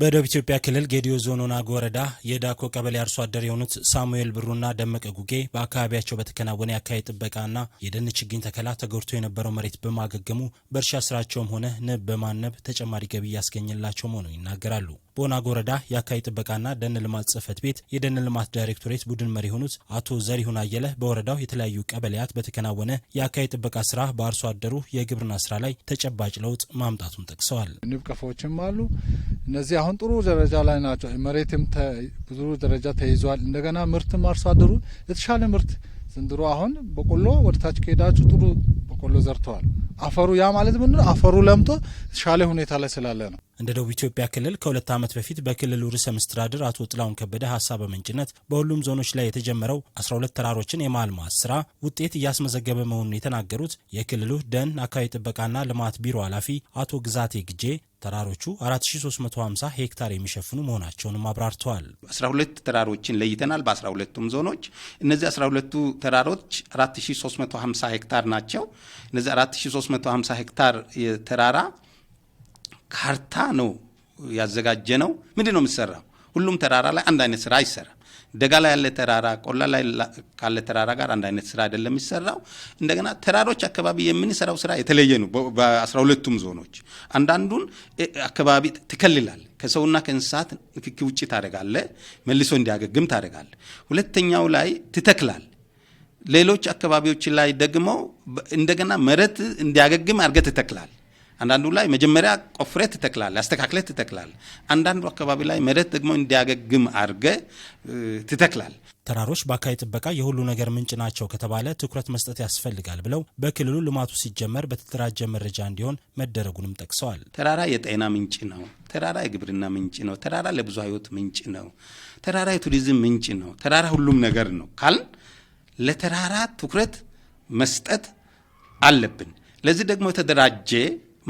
በደቡብ ኢትዮጵያ ክልል ጌዲዮ ዞን ወናጎ ወረዳ የዳኮ ቀበሌ አርሶ አደር የሆኑት ሳሙኤል ብሩና ደመቀ ጉጌ በአካባቢያቸው በተከናወነ የአካባቢ ጥበቃና የደን ችግኝ ተከላ ተጎድቶ የነበረው መሬት በማገገሙ በእርሻ ስራቸውም ሆነ ንብ በማነብ ተጨማሪ ገቢ እያስገኘላቸው መሆኑን ይናገራሉ። በወናጎ ወረዳ የአካባቢ ጥበቃና ደን ልማት ጽህፈት ቤት የደን ልማት ዳይሬክቶሬት ቡድን መሪ የሆኑት አቶ ዘሪሁን አየለ በወረዳው የተለያዩ ቀበሌያት በተከናወነ የአካባቢ ጥበቃ ስራ በአርሶ አደሩ የግብርና ስራ ላይ ተጨባጭ ለውጥ ማምጣቱን ጠቅሰዋል። ንብ ቀፎዎችም አሉ እነዚህ አሁን ጥሩ ደረጃ ላይ ናቸው። መሬትም ብዙ ደረጃ ተይዟል። እንደገና ምርትም አርሶ አደሩ የተሻለ ምርት ዘንድሮ አሁን በቆሎ ወደታች ከሄዳችሁ ጥሩ በቆሎ ዘርተዋል። አፈሩ ያ ማለት ምን አፈሩ ለምቶ የተሻለ ሁኔታ ላይ ስላለ ነው። እንደ ደቡብ ኢትዮጵያ ክልል ከሁለት ዓመት በፊት በክልሉ ርዕሰ መስተዳድር አቶ ጥላሁን ከበደ ሀሳብ በምንጭነት በሁሉም ዞኖች ላይ የተጀመረው 12 ተራሮችን የማልማት ስራ ውጤት እያስመዘገበ መሆኑን የተናገሩት የክልሉ ደን አካባቢ ጥበቃና ልማት ቢሮ ኃላፊ አቶ ግዛቴ ግጄ ተራሮቹ 4350 ሄክታር የሚሸፍኑ መሆናቸውንም አብራርተዋል። 12 ተራሮችን ለይተናል። በ12ቱም ዞኖች እነዚህ 12ቱ ተራሮች 4350 ሄክታር ናቸው። እነዚህ 4350 ሄክታር የተራራ ካርታ ነው ያዘጋጀ ነው። ምንድን ነው የምትሰራው? ሁሉም ተራራ ላይ አንድ አይነት ስራ አይሰራ ደጋ ላይ ያለ ተራራ ቆላ ላይ ካለ ተራራ ጋር አንድ አይነት ስራ አይደለም የሚሰራው። እንደገና ተራሮች አካባቢ የምንሰራው ስራ የተለየ ነው። በአስራ ሁለቱም ዞኖች አንዳንዱን አካባቢ ትከልላል፣ ከሰውና ከእንስሳት ንክኪ ውጭ ታደርጋለ፣ መልሶ እንዲያገግም ታደርጋለ። ሁለተኛው ላይ ትተክላል። ሌሎች አካባቢዎች ላይ ደግሞ እንደገና መሬት እንዲያገግም አድርገ ትተክላል። አንዳንዱ ላይ መጀመሪያ ቆፍሬ ትተክላል፣ አስተካክለ ትተክላል። አንዳንዱ አካባቢ ላይ መሬት ደግሞ እንዲያገግም አድርገ ትተክላል። ተራሮች በአካባቢ ጥበቃ የሁሉ ነገር ምንጭ ናቸው ከተባለ ትኩረት መስጠት ያስፈልጋል ብለው በክልሉ ልማቱ ሲጀመር በተደራጀ መረጃ እንዲሆን መደረጉንም ጠቅሰዋል። ተራራ የጤና ምንጭ ነው። ተራራ የግብርና ምንጭ ነው። ተራራ ለብዙ ህይወት ምንጭ ነው። ተራራ የቱሪዝም ምንጭ ነው። ተራራ ሁሉም ነገር ነው ካል ለተራራ ትኩረት መስጠት አለብን። ለዚህ ደግሞ የተደራጀ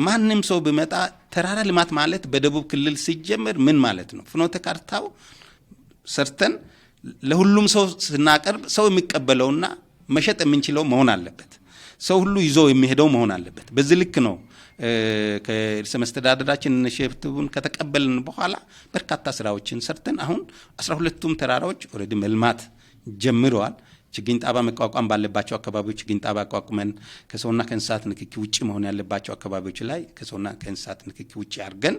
ማንም ሰው ብመጣ ተራራ ልማት ማለት በደቡብ ክልል ሲጀመር ምን ማለት ነው? ፍኖተ ካርታው ሰርተን ለሁሉም ሰው ስናቀርብ ሰው የሚቀበለውና መሸጥ የምንችለው መሆን አለበት። ሰው ሁሉ ይዞ የሚሄደው መሆን አለበት። በዚህ ልክ ነው። ከርዕሰ መስተዳደራችን ሸፍትቡን ከተቀበልን በኋላ በርካታ ስራዎችን ሰርተን አሁን አስራ ሁለቱም ተራራዎች ኦልሬዲ መልማት ጀምረዋል። ችግኝ ጣባ መቋቋም ባለባቸው አካባቢዎች ችግኝ ጣባ አቋቁመን ከሰውና ከእንስሳት ንክኪ ውጭ መሆን ያለባቸው አካባቢዎች ላይ ከሰውና ከእንስሳት ንክኪ ውጭ አድርገን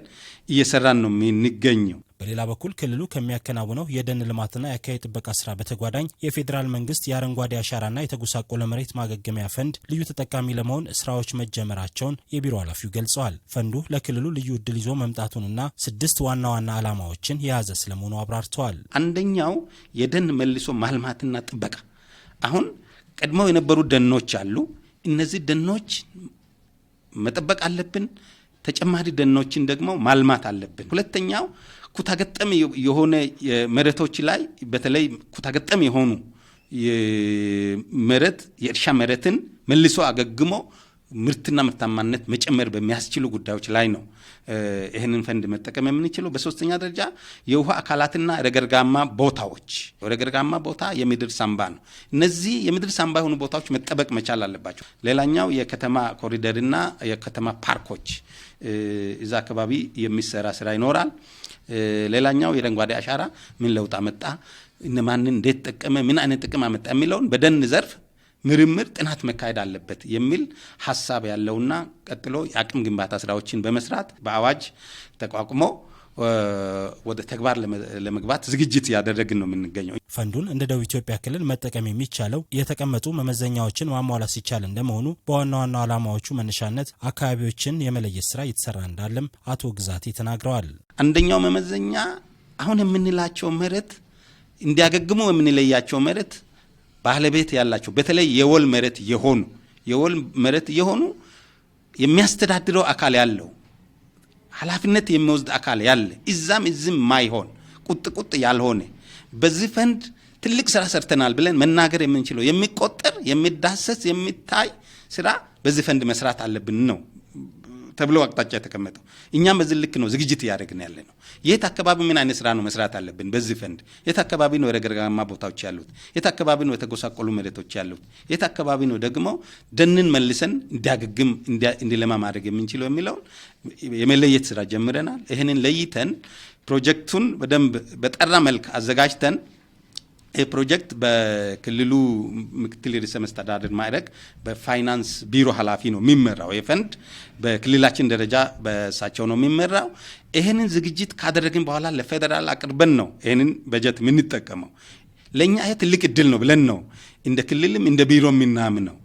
እየሰራን ነው የምንገኘው። በሌላ በኩል ክልሉ ከሚያከናውነው የደን ልማትና የአካባቢ ጥበቃ ስራ በተጓዳኝ የፌዴራል መንግስት የአረንጓዴ አሻራና የተጎሳቆለ መሬት ማገገሚያ ፈንድ ልዩ ተጠቃሚ ለመሆን ስራዎች መጀመራቸውን የቢሮ ኃላፊው ገልጸዋል። ፈንዱ ለክልሉ ልዩ እድል ይዞ መምጣቱንና ስድስት ዋና ዋና ዓላማዎችን የያዘ ስለመሆኑ አብራርተዋል። አንደኛው የደን መልሶ ማልማትና ጥበቃ። አሁን ቀድመው የነበሩ ደኖች አሉ። እነዚህ ደኖች መጠበቅ አለብን። ተጨማሪ ደኖችን ደግሞ ማልማት አለብን። ሁለተኛው ኩታገጠም የሆነ መሬቶች ላይ በተለይ ኩታገጠም የሆኑ መሬት የእርሻ መሬትን መልሶ አገግሞ ምርትና ምርታማነት መጨመር በሚያስችሉ ጉዳዮች ላይ ነው ይህንን ፈንድ መጠቀም የምንችለው። በሶስተኛ ደረጃ የውሃ አካላትና ረገርጋማ ቦታዎች፣ ረገርጋማ ቦታ የምድር ሳምባ ነው። እነዚህ የምድር ሳምባ የሆኑ ቦታዎች መጠበቅ መቻል አለባቸው። ሌላኛው የከተማ ኮሪደርና የከተማ ፓርኮች፣ እዛ አካባቢ የሚሰራ ስራ ይኖራል። ሌላኛው የአረንጓዴ አሻራ ምን ለውጥ አመጣ፣ እነማንን እንዴት ጠቀመ፣ ምን አይነት ጥቅም አመጣ የሚለውን በደን ዘርፍ ምርምር ጥናት መካሄድ አለበት የሚል ሀሳብ ያለውና ቀጥሎ የአቅም ግንባታ ስራዎችን በመስራት በአዋጅ ተቋቁሞ ወደ ተግባር ለመግባት ዝግጅት እያደረግን ነው የምንገኘው። ፈንዱን እንደ ደቡብ ኢትዮጵያ ክልል መጠቀም የሚቻለው የተቀመጡ መመዘኛዎችን ማሟላት ሲቻል እንደመሆኑ በዋና ዋና ዓላማዎቹ መነሻነት አካባቢዎችን የመለየት ስራ እየተሰራ እንዳለም አቶ ግዛቴ ተናግረዋል። አንደኛው መመዘኛ አሁን የምንላቸው መሬት እንዲያገግሙ የምንለያቸው መሬት ባለቤት ያላቸው በተለይ የወል መሬት የሆኑ የወል መሬት የሆኑ የሚያስተዳድረው አካል ያለው ኃላፊነት የሚወስድ አካል ያለ እዛም እዚም ማይሆን ቁጥ ቁጥ ያልሆነ በዚህ ፈንድ ትልቅ ስራ ሰርተናል ብለን መናገር የምንችለው የሚቆጠር የሚዳሰስ የሚታይ ስራ በዚህ ፈንድ መስራት አለብን ነው ተብሎ አቅጣጫ የተቀመጠው። እኛም በዚህ ልክ ነው ዝግጅት እያደረግን ያለ ነው። የት አካባቢ ምን አይነት ስራ ነው መስራት አለብን? በዚህ ፈንድ የት አካባቢ ነው ረግረጋማ ቦታዎች ያሉት? የት አካባቢ ነው የተጎሳቆሉ መሬቶች ያሉት? የት አካባቢ ነው ደግሞ ደንን መልሰን እንዲያገግም እንዲለማ ማድረግ የምንችለው የሚለውን የመለየት ስራ ጀምረናል። ይህንን ለይተን ፕሮጀክቱን በደንብ በጠራ መልክ አዘጋጅተን ይህ ፕሮጀክት በክልሉ ምክትል ርዕሰ መስተዳደር ማዕረግ በፋይናንስ ቢሮ ኃላፊ ነው የሚመራው። የፈንድ በክልላችን ደረጃ በእሳቸው ነው የሚመራው። ይህንን ዝግጅት ካደረግን በኋላ ለፌዴራል አቅርበን ነው ይህንን በጀት የምንጠቀመው። ለእኛ ይህ ትልቅ እድል ነው ብለን ነው እንደ ክልልም እንደ ቢሮ የምናምነው።